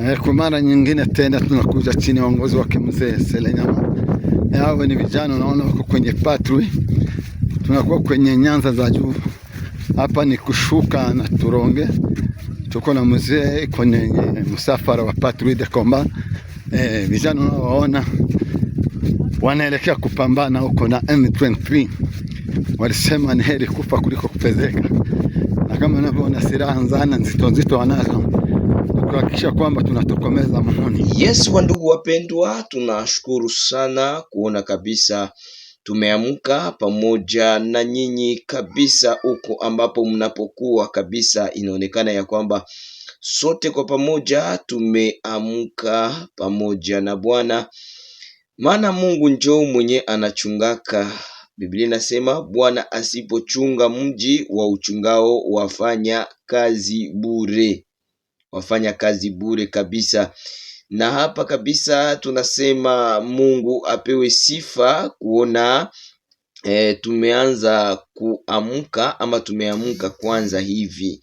Eh, kwa mara nyingine tena tunakuja chini ya uongozi wake mzee Selenyama. Eh, hawa ni vijana naona wako kwenye patrui. tunakuwa kwenye nyanza za juu. Hapa ni kushuka na Turonge, tuko na mzee kwenye msafara wa patrui de komba. Eh, vijana unaowaona wanaelekea kupambana huko na M23. Walisema ni heri kufa kuliko kupezeka, na kama unavyoona silaha nzana nzito nzito wanazo kuhakikisha kwamba tunatokomeza maoni. Yes, wandugu wapendwa, tunashukuru sana kuona kabisa tumeamka pamoja na nyinyi kabisa, huko ambapo mnapokuwa kabisa, inaonekana ya kwamba sote kwa pamoja tumeamka pamoja na Bwana, maana Mungu njoo mwenye anachungaka. Biblia inasema Bwana asipochunga mji wa uchungao wafanya kazi bure wafanya kazi bure kabisa. Na hapa kabisa tunasema Mungu apewe sifa kuona e, tumeanza kuamka ama tumeamka kwanza hivi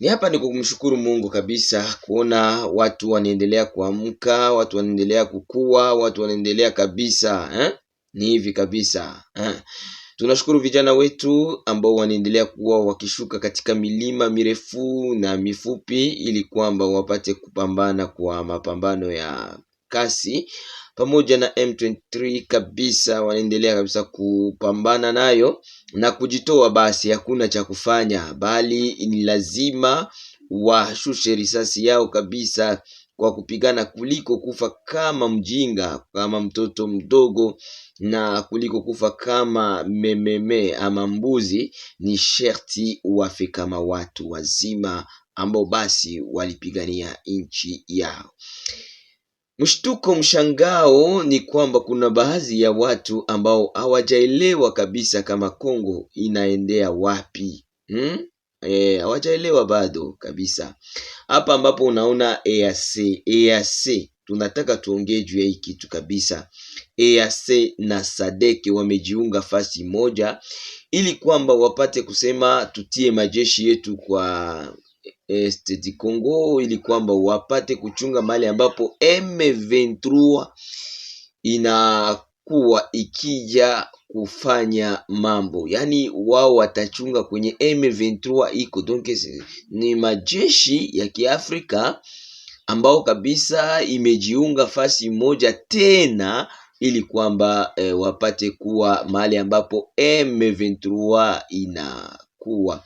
ni hapa ni kumshukuru Mungu kabisa kuona watu wanaendelea kuamka, watu wanaendelea kukua, watu wanaendelea kabisa eh? Ni hivi kabisa eh? Tunashukuru vijana wetu ambao wanaendelea kuwa wakishuka katika milima mirefu na mifupi ili kwamba wapate kupambana kwa mapambano ya kasi pamoja na M23 kabisa, wanaendelea kabisa kupambana nayo na kujitoa. Basi hakuna cha kufanya, bali ni lazima washushe risasi yao kabisa kwa kupigana kuliko kufa kama mjinga, kama mtoto mdogo, na kuliko kufa kama mememe ama mbuzi. Ni sherti wafe kama watu wazima ambao basi walipigania nchi yao. Mshtuko, mshangao ni kwamba kuna baadhi ya watu ambao hawajaelewa kabisa kama Kongo inaendea wapi hmm? Eh, hawajaelewa e, bado kabisa. Hapa ambapo unaona EAC, EAC tunataka tuongee juu ya hii kitu kabisa. EAC na Sadeke wamejiunga fasi moja ili kwamba wapate kusema tutie majeshi yetu kwa Este eh, di Congo ili kwamba wapate kuchunga mali ambapo M23 ina kuwa ikija kufanya mambo, yaani wao watachunga kwenye M23 iko donc, ni majeshi ya Kiafrika ambao kabisa imejiunga fasi moja tena ili kwamba e, wapate kuwa mahali ambapo M23 inakuwa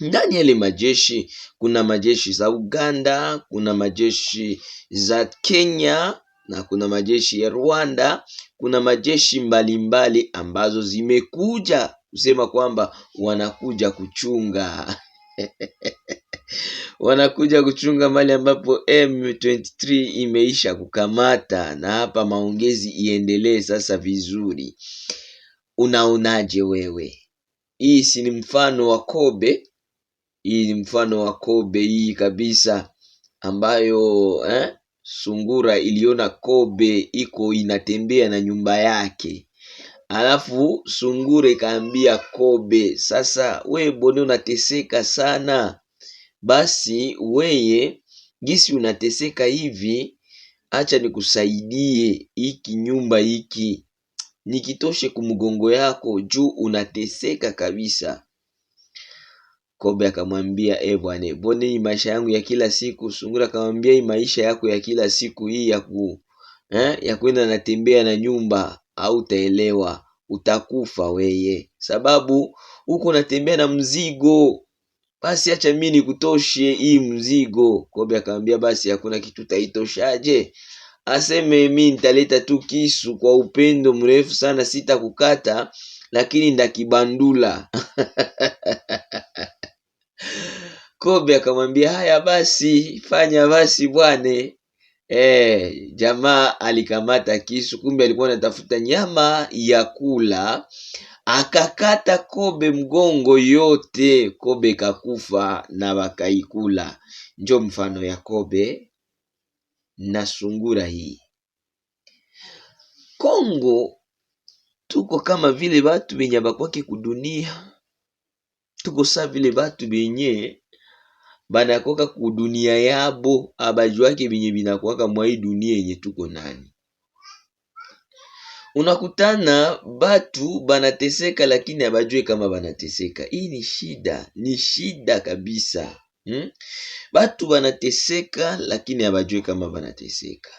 ndani ya ile majeshi. Kuna majeshi za Uganda, kuna majeshi za Kenya na kuna majeshi ya Rwanda, kuna majeshi mbalimbali mbali ambazo zimekuja kusema kwamba wanakuja kuchunga wanakuja kuchunga mali ambapo M23 imeisha kukamata, na hapa maongezi iendelee sasa vizuri. Unaonaje wewe? Hii si ni mfano wa Kobe? Hii ni mfano wa Kobe hii kabisa, ambayo eh? Sungura iliona kobe iko inatembea na nyumba yake, alafu sungura ikaambia kobe, sasa we bone unateseka sana? Basi weye gisi unateseka hivi, acha nikusaidie hiki nyumba hiki nikitoshe kumgongo yako juu unateseka kabisa. Kobe akamwambia Eva, mbona hii maisha yangu ya kila siku? Sungura akamwambia hii maisha yako ya kila siku hii ya ku eh, ya kwenda natembea na nyumba, au utaelewa utakufa weye, sababu huko natembea na mzigo. Basi acha mimi nikutoshe hii mzigo. Kobe akamwambia basi hakuna kitu utaitoshaje? Aseme mimi nitaleta tu kisu, kwa upendo mrefu sana sitakukata lakini ndakibandula kobe akamwambia haya basi fanya basi bwane Eh, jamaa alikamata kisu kumbe alikuwa anatafuta nyama ya kula akakata kobe mgongo yote kobe kakufa na wakaikula njo mfano ya kobe na sungura hii kongo Tuko kama vile batu benye bakwake kudunia, tuko sa vile batu benye banakoka kudunia yabo abajuake benye binakwaka mwa hii dunia yenye tuko nani. Unakutana batu banateseka, lakini abajue kama banateseka. Hii ni shida, ni shida kabisa hmm? Batu banateseka, lakini abajue kama banateseka.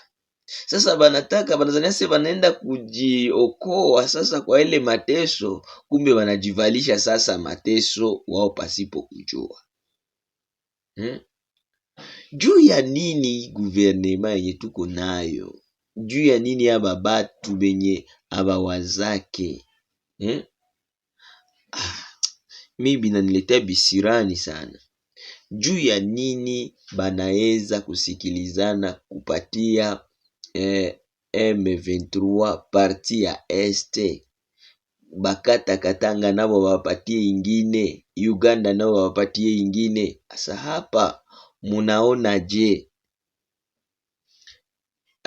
Sasa banataka banazania se banaenda kujiokoa sasa kwa ile mateso, kumbe banajivalisha sasa mateso wao pasipo kujua hmm? Juu ya nini guvernema yenye tuko nayo? Juu ya nini aba batu benye abawazake hmm? Ah, mi binaniletea bisirani sana juu ya nini banaweza kusikilizana kupatia M23 parti ya este bakatakatanga nabo wapatie ingine, Uganda nabo bawapatie ingine. Asa hapa munaona je?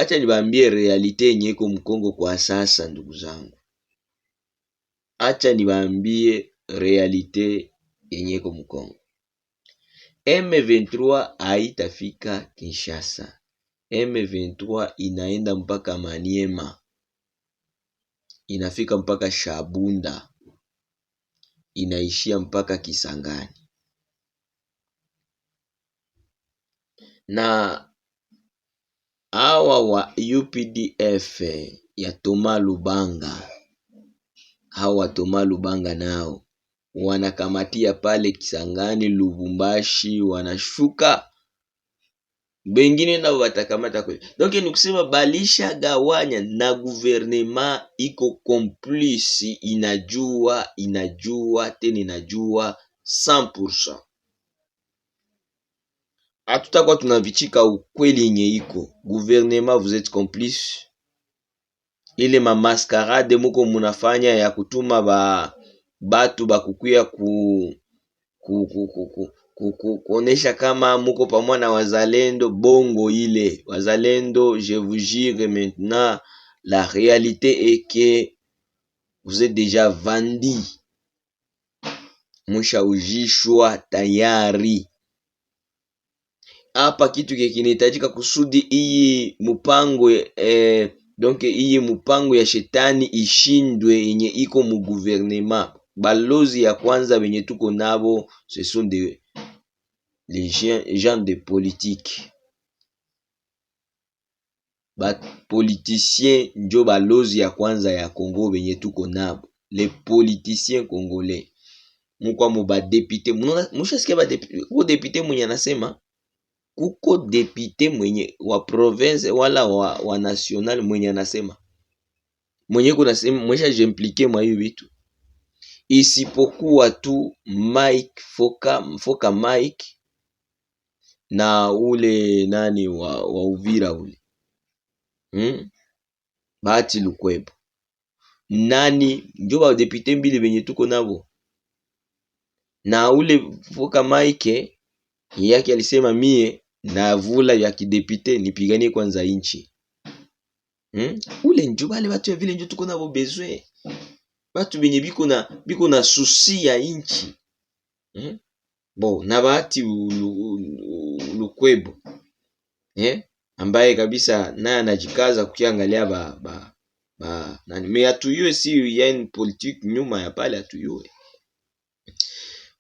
Acha nibambie realite yenye iko Mkongo kwa sasa, ndugu zangu, acha nibambie realite yenye iko Mkongo. M23 haitafika Kinshasa M 23 inaenda mpaka Maniema, inafika mpaka Shabunda, inaishia mpaka Kisangani na hawa wa UPDF ya Toma Lubanga, hawa Toma Lubanga nao wanakamatia pale Kisangani, Lubumbashi, wanashuka Bengine nao watakamata kwe. Donc ni kusema balisha gawanya na guvernema iko komplisi, inajua inajua tena inajua 100%. Hatutakuwa tunavichika ukweli yenye iko guvernema, vous etes complice ile mamaskarade muko munafanya ya kutuma ba batu bakukuya ku, ku, ku, ku, ku kuonesha kama muko pamoja na wazalendo bongo ile wazalendo je vous jure maintenant la réalité est que vous êtes déjà vendi mushaujishwa tayari hapa kitu kinahitajika kusudi iyi mupango eh, donc iyi mpango ya shetani ishindwe yenye iko mu guvernema balozi ya kwanza wenye tuko nabo ce sont des les gens de politiki bapolitisien njo balozi ya kwanza ya congo benye tuko nabo les politisien congolais mukwamo badepite mushasikia badepite kuko depute mwenye anasema kuko depute mwenye wa province wala wa, wa national mwenye anasema mwenye kunasema mwesha jemplike mwa hiyo vitu isipokuwa tu Mike Foka, Foka Mike na ule nani wa, wa Uvira ule hmm? Bahati Lukwebo nani njo badepute mbili benye tuko nabo na ule foka Maike yake alisema mie na vula ya kidepute nipiganie kwanza inchi hmm? Ule njo bale batu ya vile njo tuko nabo bezwe batu benye biko na, biko na susi ya inchi hmm? Bo na bahati Lukwebo eh, ambaye kabisa naye anajikaza kukiangalia ba, ba, ba nani me atuyue, si yen yaani politique nyuma ya pale atuyue.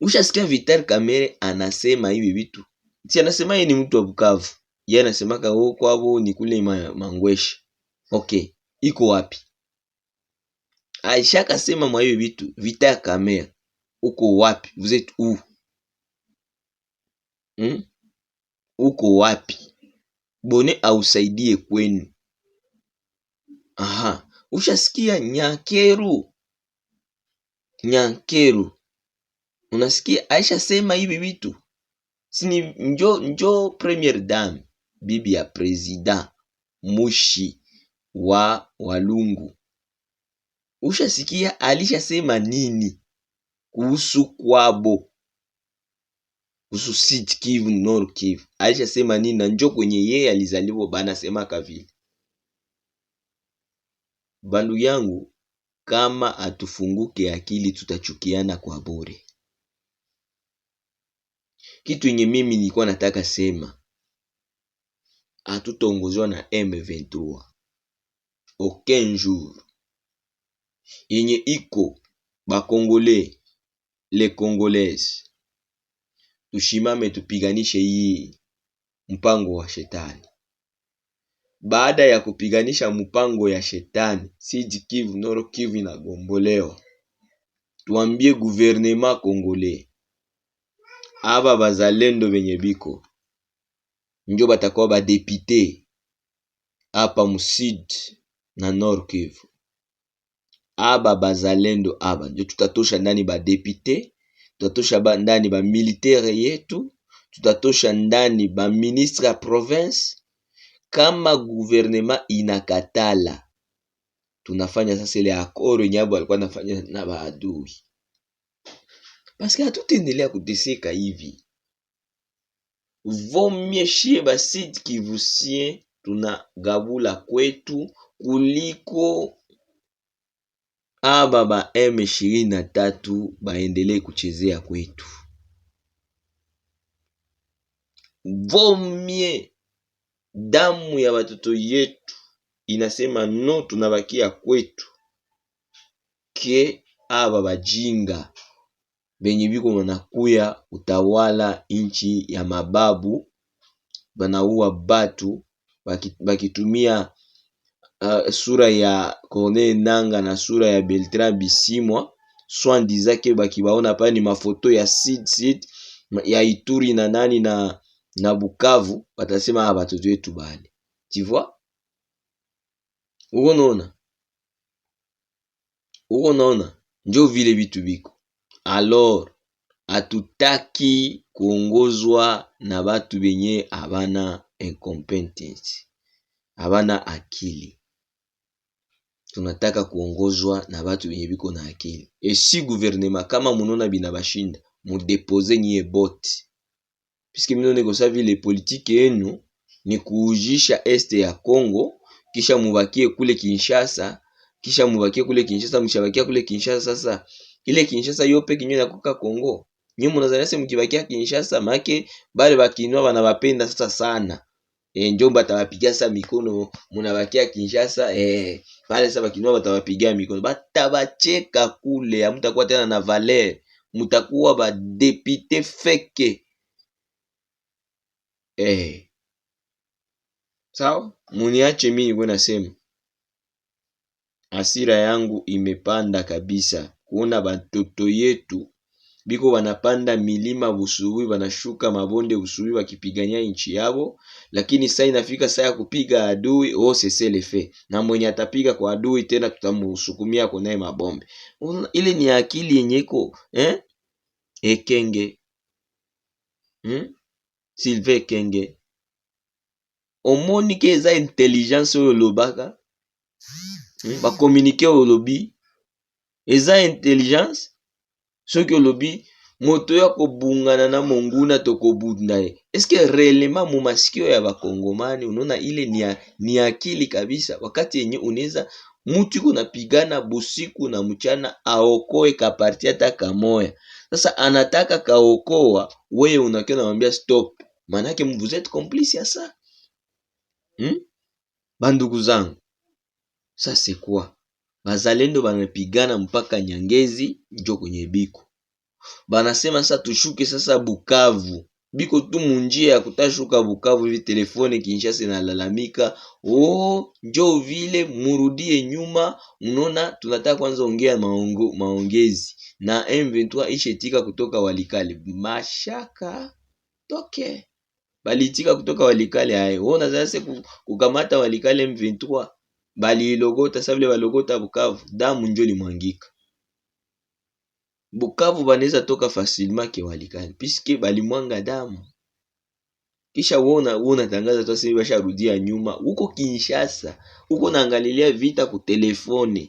Ushasikia Vital Kamerhe anasema hivi vitu, si anasema yeye ni mtu wa Bukavu, yeye anasemaka huko kwao ni kule ma, mangweshi Okay, iko wapi? Aisha kasema mwa hivi vitu, Vital Kamerhe uko wapi? vous êtes où? Hmm? uko wapi? Bone ausaidie kwenu. Aha, ushasikia Nyakeru? Nyakeru, unasikia Aisha sema hivi vitu sini, njo njo premier dame, bibi ya presida mushi wa Walungu, ushasikia alishasema nini kuhusu kwabo? kuhusu Sud Kivu, Nord Kivu. Aisha sema nini? Na njo kwenye yeye alizaliwa sema vile. Bandu yangu, kama atufunguke akili, tutachukiana kwa bure. Kitu yenye mimi nilikuwa nataka sema, hatutaongozwa na M23 aucun jour yenye iko bakongole le congolaise tushimame tupiganishe hii mpango wa shetani. Baada ya kupiganisha mpango ya shetani, Sud Kivu, Nord Kivu inagombolewa. Tuambie guvernema Kongole, aba bazalendo benye biko njo batakuwa badepite apa musud na Nord Kivu. Aba bazalendo aba njo tutatosha ndani badepite tutatosha ndani ba militaire yetu, tutatosha ndani ba ministre ya province. Kama guvernema inakatala, tunafanya sasa ile akoro nyabo alikuwa anafanya na baadui, paske hatutaendelea kuteseka hivi. Vomyeshie basidi kivusien tunagabula kwetu kuliko aba ba M23 baendelee kuchezea kwetu. Vomie damu ya watoto yetu inasema no, tunabakia kwetu ke ah, aba bajinga benye biko banakuya utawala inchi ya mababu, banauwa batu bakitumia Euh, sura ya Corneille Nangaa na sura ya Bertrand Bisimwa swandi zake bakibaona pale ni mafoto ya seed seed ya Ituri na nani na na Bukavu, batasema ah, batoto wetu bale, tu vois, uko naona, uko naona, njo vile vitu biko alors hatutaki kuongozwa na batu benye abana incompetence abana akili tunataka kuongozwa na batu benye biko na akili. Esi guvernema kama munona binabashinda mudepoze nyie boti, piske kosa vile politike yenu ni kuujisha este ya Congo, kisha mubakie kule Kinshasa, kisha mubakie kule Kinshasa, mshabakia kule Kinshasa. Sasa ile Kinshasa yope kinywa kuka Congo, nyie munazania mkibakia Kinshasa, make bale bakinwa banabapenda sasa sana e, eh, Njombe batabapigia sa mikono, munabakia Kinshasa e, pale sasa bakinoa batabapigia mikono, batabacheka kule, amutakuwa tena na valer, mutakuwa badepite feke e. Eh. Sawa, muniache mimi nikuwe nasema asira yangu imepanda kabisa kuona batoto yetu biko wanapanda milima busubui banashuka mabonde Busubi wakipigania nchi yabo, lakini saa inafika saa ya kupiga adui wose oh, selefe, na mwenye atapiga kwa adui tena tutamusukumia kwa naye mabombe. Ile ni akili yenye iko eh? Ekenge hmm? Silve Ekenge omoni ke eza intelligence oyo lobaka hmm? Bakomunike oyo olobi eza intelligence soki olobi moto ya akobungana na monguna tokobunda ye eske reelema mu masikio ya bakongomani unona ile ni, ni akili kabisa wakati yenye uneza mutu napigana busiku na mchana aokoe kaparti hata kamoya sasa anataka kaokoa wewe unakiwa namwambia stop manake vous êtes complice ya sa hmm? bandugu zangu sa c'est quoi bazalendo banapigana mpaka Nyangezi njo kwenye biko banasema sasa tushuke sasa Bukavu biko tu munjia ya kutashuka Bukavu hivi telefone Kinshasa inalalamika oh, njo vile murudie nyuma, mnaona tunataka kwanza ongea maongo, maongezi na M23 ishetika kutoka Walikale mashaka toke okay. Balitika kutoka Walikale aye, oh, nazase kukamata Walikale M23 balilogota sa vile balogota Bukavu, damu njo limwangika Bukavu. Banaweza toka facilement Kewalikale piske balimwanga damu, kisha wona wona tangaza tu sasa rudia nyuma huko Kinshasa, huko naangalilia vita ku telefone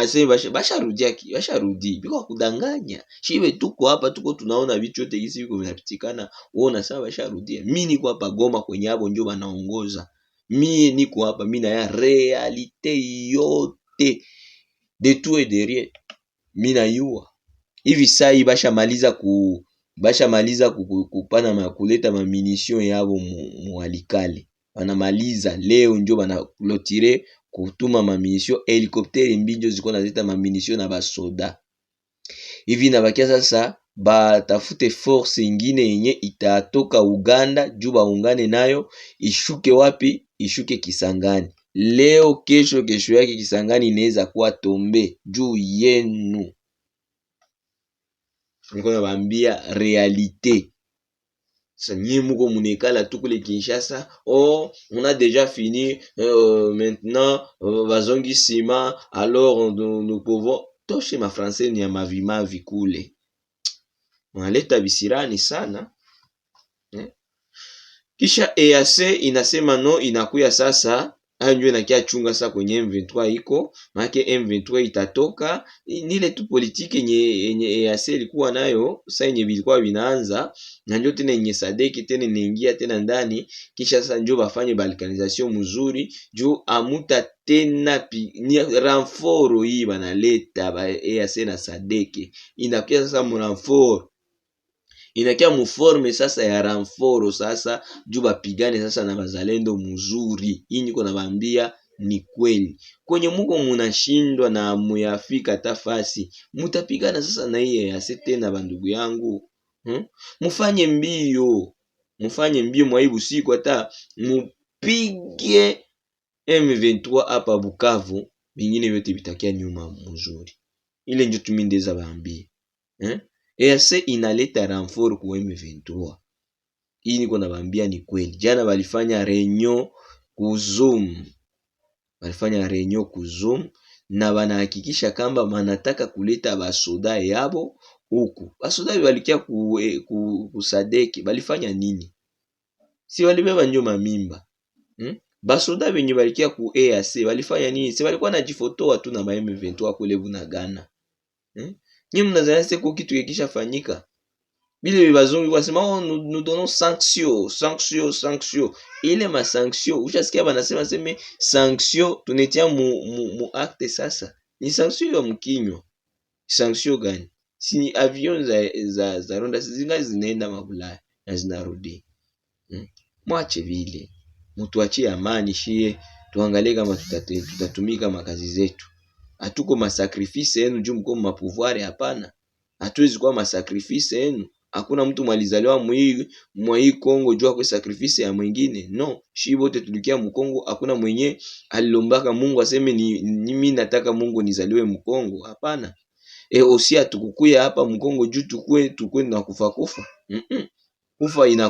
ase basha basha rudia ki basha rudi biko kudanganya shibe. tuko hapa tuko tunaona vitu yote hizi viko vinapitikana, wona sasa rudia. Mimi niko hapa Goma kwenye hapo njoo banaongoza Mie niko hapa, mi naya realite yote de tout et de rien minayua hivi sai bashamaliza ku bashamaliza kupana ma kuleta mamunition yabo mualikale banamaliza leo njo banaklotire kutuma mamunition helikoptere mbinjo ziko nazeta mamunition na basoda hivi nabakia sasa batafute force ingine yenye itatoka Uganda juu baungane nayo ishuke wapi ishuke Kisangani leo, kesho, kesho yake Kisangani inaweza kuwa tombe juu yenu. Niko nabambia realite. Sasa nyie muko munekala tu kule Kinshasa, oh on a fini euh, maintenant euh, bazongi sima alors nous pouvons toshe. français ni ya mavimavi kule, unaleta bisirani sana. Kisha EAC inasema no, inakuya sasa hayo ndio inakia chunga sasa kwenye M23 iko maana M23 itatoka nile tu politiki yenye yenye EAC ilikuwa nayo sasa, yenye bilikuwa vinaanza na ndio tena yenye sadeki tena inaingia tena ndani. Kisha sasa ndio bafanye balkanization mzuri juu amuta tena ni ranforo hii banaleta ba EAC na sadeki inakuya sasa mranforo inakia muforme sasa ya ramforo sasa juu bapigane sasa na bazalendo mzuri. Hii niko nabambia ni kweli, kwenye muko munashindwa na muyafika tafasi, mutapigana sasa na hiye yase tena, bandugu yangu hmm? Mufanye mbio, mufanye mbio, mwaibu siku hata mupige M23 hapa Bukavu, vingine vyote vitakia nyuma mzuri. Ile ndio tumindeza baambie eh? Hmm? EAC inaleta renfort kwa M23. Hii niko nabambia ni kweli. Jana walifanya renyo kuzoom, walifanya renyo kuzoom na wanahakikisha kamba wanataka kuleta basoda yabo huku. Basoda walikia ku, eh, ku, kusadeki walifanya nini? Si walibeba njo mamimba hmm? Basoda wenye walikia ku EAC walifanya nini? Si walikuwa na jifotoa tu na M23 kule Bunagana hmm? Ni mnazana c'est quoi qui tu kisha fanyika. Bile bibazo bibasema nous nous donnons sanction, sanction, sanction. Ile ma sanction, ushasikia banasema sema sanction tunetia mu, mu, mu acte sasa. Ni sanction ya mkinywa. Sanction gani? Si ni avion za za, za ronda zinga zinaenda mabulaya na zinarudi. Hmm? Mwache vile. Mtu achie amani shie, tuangalie kama tutatumika makazi zetu hatuko masakrifisi yenu juu mko mapouvoir. Hapana, hatuwezi kuwa masakrifisi yenu. Hakuna mtu mwalizaliwa mwii mwa hii Kongo juu akwe sakrifisi ya mwingine no, shi bote tulikia Mkongo. Hakuna mwenye alilombaka Mungu aseme ni, ni mimi nataka Mungu nizaliwe Mkongo. Hapana. E, eh, osia tukukuya hapa Mkongo juu tukue tukue na kufa kufa. Mm -mm.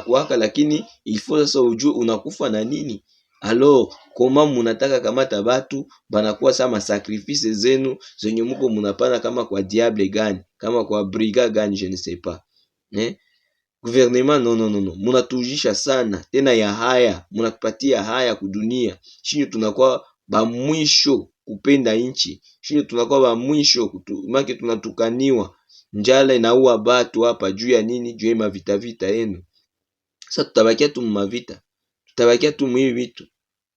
Kufa lakini ilifo sasa ujue unakufa na nini alo koma munataka kamata batu banakuwa sa masakrifise zenu zenye muko munapana, kama kwa diable gani, kama kwa briga gani, je ne sais pas ne eh? gouvernement non non non no, munatujisha sana tena ya haya, munakupatia haya kudunia shinyo tunakuwa ba mwisho kupenda nchi shinyo tunakuwa ba mwisho kutu, kutumaki, tunatukaniwa njala inaua batu hapa juu ya nini? Juu ya mavita vita yenu. Sasa tutabakia tu mavita tabakia tu mwi vitu.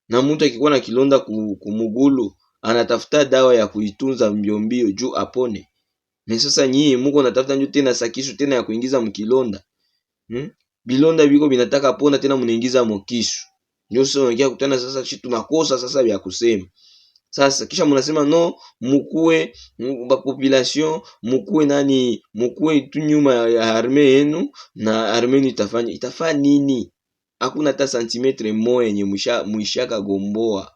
Na mtu akikuwa na kilonda kumugulu, anatafuta dawa ya kuitunza mbio juu apone. Ni sasa nyinyi muko natafuta nju tena sakishu tena ya kuingiza mkilonda. Hmm? Bilonda biko binataka pona tena mniingiza mokishu. Ndio sasa unaingia kutana sasa shitu tunakosa sasa vya kusema. Sasa kisha mnasema no mukue ba population mukue nani mukue tu nyuma ya arme yenu na arme itafanya itafanya nini? hakuna hata santimetre moya yenye mwishaka gomboa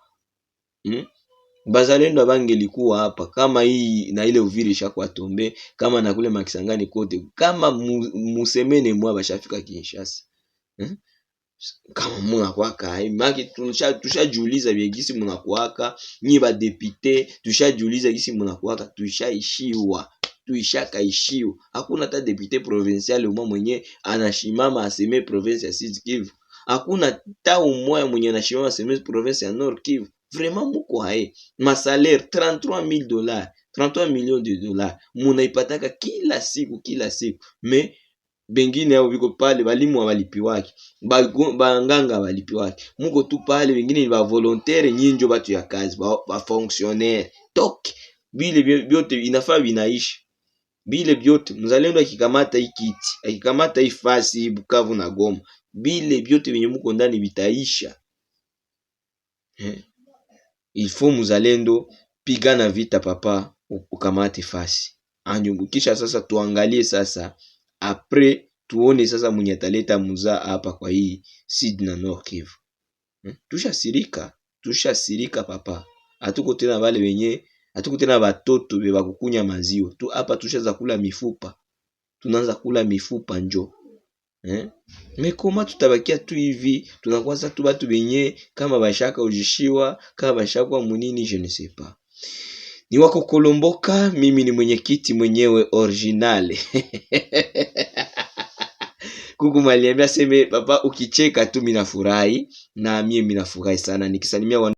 hmm? Bazalendo abangelikuwa hapa kama hii na ile Uvira ishakuwa tombe, kama na kule Makisangani kote, kama musemene mwa bashafika Kinshasa hmm? Kama munakwaka maki, tushajiuliza tusha munakwaka nyi ba depute, tushajiuliza gisi munakwaka, tushaishiwa tuishakaishiwa. Hakuna hata depute provincial umwa mwenye anashimama aseme province ya Sud Kivu hakuna tao moya mwenye anashimama semesi province ya Nord Kivu. Vraiment muko haye masalaire 33000 dollars 33 millions de dollars munaipataka kila siku kila siku me bengine ao biko pale balimu abalipiwaki banganga abalipiwaki muko tu pale bengine ni bavolontaire nyinjo batu ya kazi bafonctionnaire tok bile byote inafaa binaishi bile byote mzalendo akikamata hii kiti akikamata hii fasi Bukavu na Goma bile byote vyenye muko ndani vitaisha. Eh, ilfo muzalendo, pigana vita papa, ukamate fasi anyumukisha. Sasa tuangalie sasa apre, tuone sasa mwenye ataleta muzaa hapa kwa hii Sud na Nord Kivu. Eh, tusha sirika papa, hatuko tena wale wenye hatuko tena batoto be bakukunya maziwa tu hapa, tushaza kula mifupa, tunaanza kula mifupa njo eh? Mikoma tutabakia tu hivi, tunakuwa tu batu benye kama bashaka ujishiwa kama bashakwa munini, je ne sais pas. Ni wako Kolomboka, mimi ni mwenyekiti mwenyewe originale Kuku maliambia seme, papa, ukicheka tu minafurahi na mie minafurai sana, nikisalimia